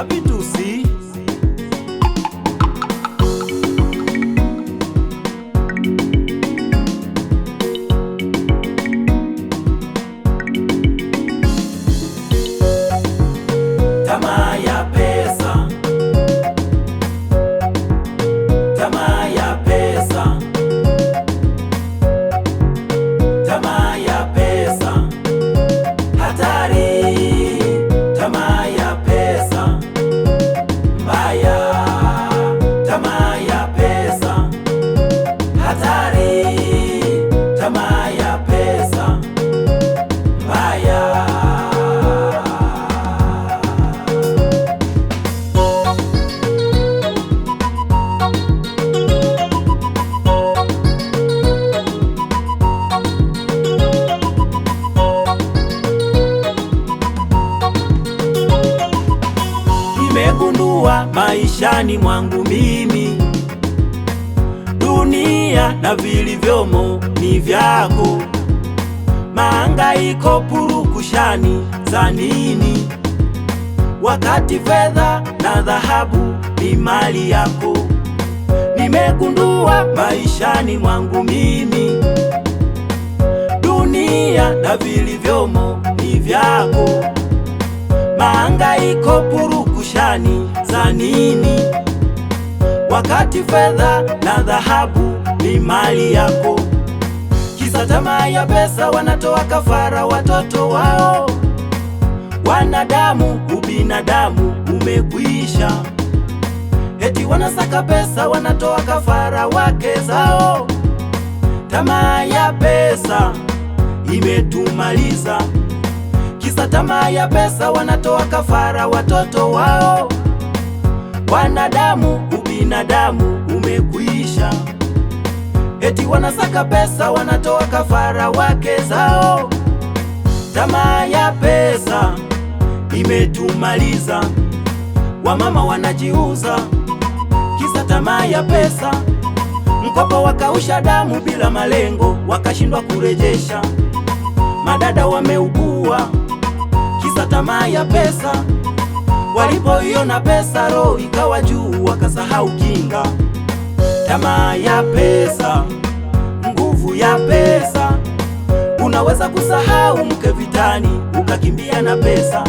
Abitusi nimegundua maishani mwangu mimi, dunia na vilivyomo ni vyako. Mahangaiko, purukushani za nini, wakati fedha na dhahabu ni mali yako. Nimegundua maishani mwangu mimi, dunia na vilivyomo ni vyako. Mahangaiko, purukushani roshani za nini, wakati fedha na dhahabu ni mali yako? Kisa tamaa ya pesa, wanatoa kafara watoto wao. Wanadamu, ubinadamu umekwisha. Eti wanasaka pesa, wanatoa kafara wake zao. Tamaa ya pesa imetumaliza. Kisa tamaa ya pesa, wanatoa kafara watoto wao. Wanadamu, ubinadamu umekwisha. Eti wanasaka pesa, wanatoa kafara wake zao. Tamaa ya pesa imetumaliza, wamama wanajiuza kisa tamaa ya pesa. Mkopo wakausha damu bila malengo, wakashindwa kurejesha. Madada wameugua tamaa ya pesa. Walipoiona pesa, roho ikawa juu, wakasahau kinga. Tamaa ya pesa, nguvu ya pesa. Unaweza kusahau mke vitani, ukakimbia na pesa.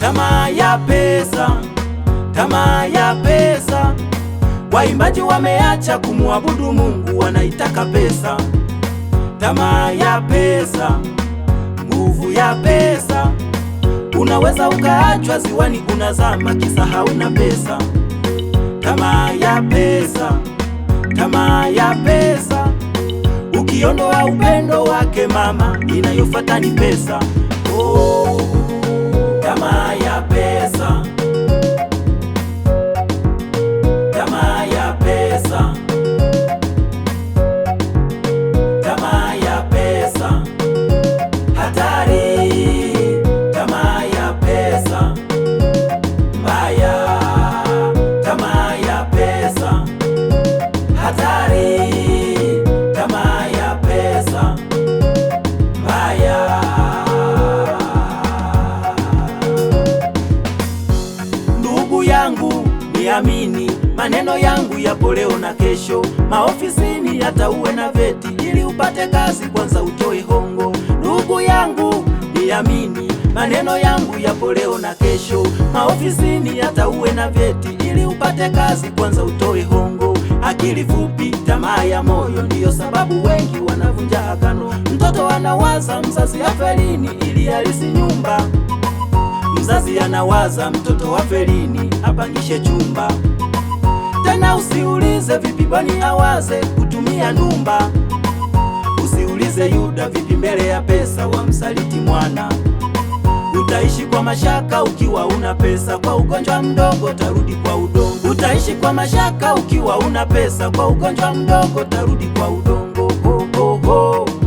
Tamaa ya pesa, tamaa ya pesa. Waimbaji wameacha kumwabudu Mungu, wanaitaka pesa. Tamaa ya pesa, nguvu ya pesa. Unaweza ukaachwa ziwani unazama, kisa hauna pesa. Tamaa ya pesa, tamaa ya pesa. Ukiondoa upendo wake mama, inayofuata ni pesa. Oh. yangu niamini, maneno yangu yapo leo na kesho. Maofisini hata uwe na veti, ili upate kazi kwanza utoe hongo. Ndugu yangu niamini, maneno yangu yapo leo na kesho. Maofisini hata uwe na veti, ili upate kazi kwanza utoe hongo. Akili fupi, tamaa ya moyo, ndiyo sababu wengi wanavunja agano. Mtoto anawaza mzazi afe lini, ili alisi nyumba Mzazi anawaza mtoto wa felini apangishe chumba. Tena usiulize vipi bwani awaze kutumia numba. Usiulize Yuda vipi mbele ya pesa wa msaliti mwana. Utaishi kwa mashaka ukiwa una pesa, kwa ugonjwa mdogo tarudi kwa udongo. Utaishi kwa mashaka ukiwa una pesa, kwa ugonjwa mdogo tarudi kwa udongo. Oh, oh, oh.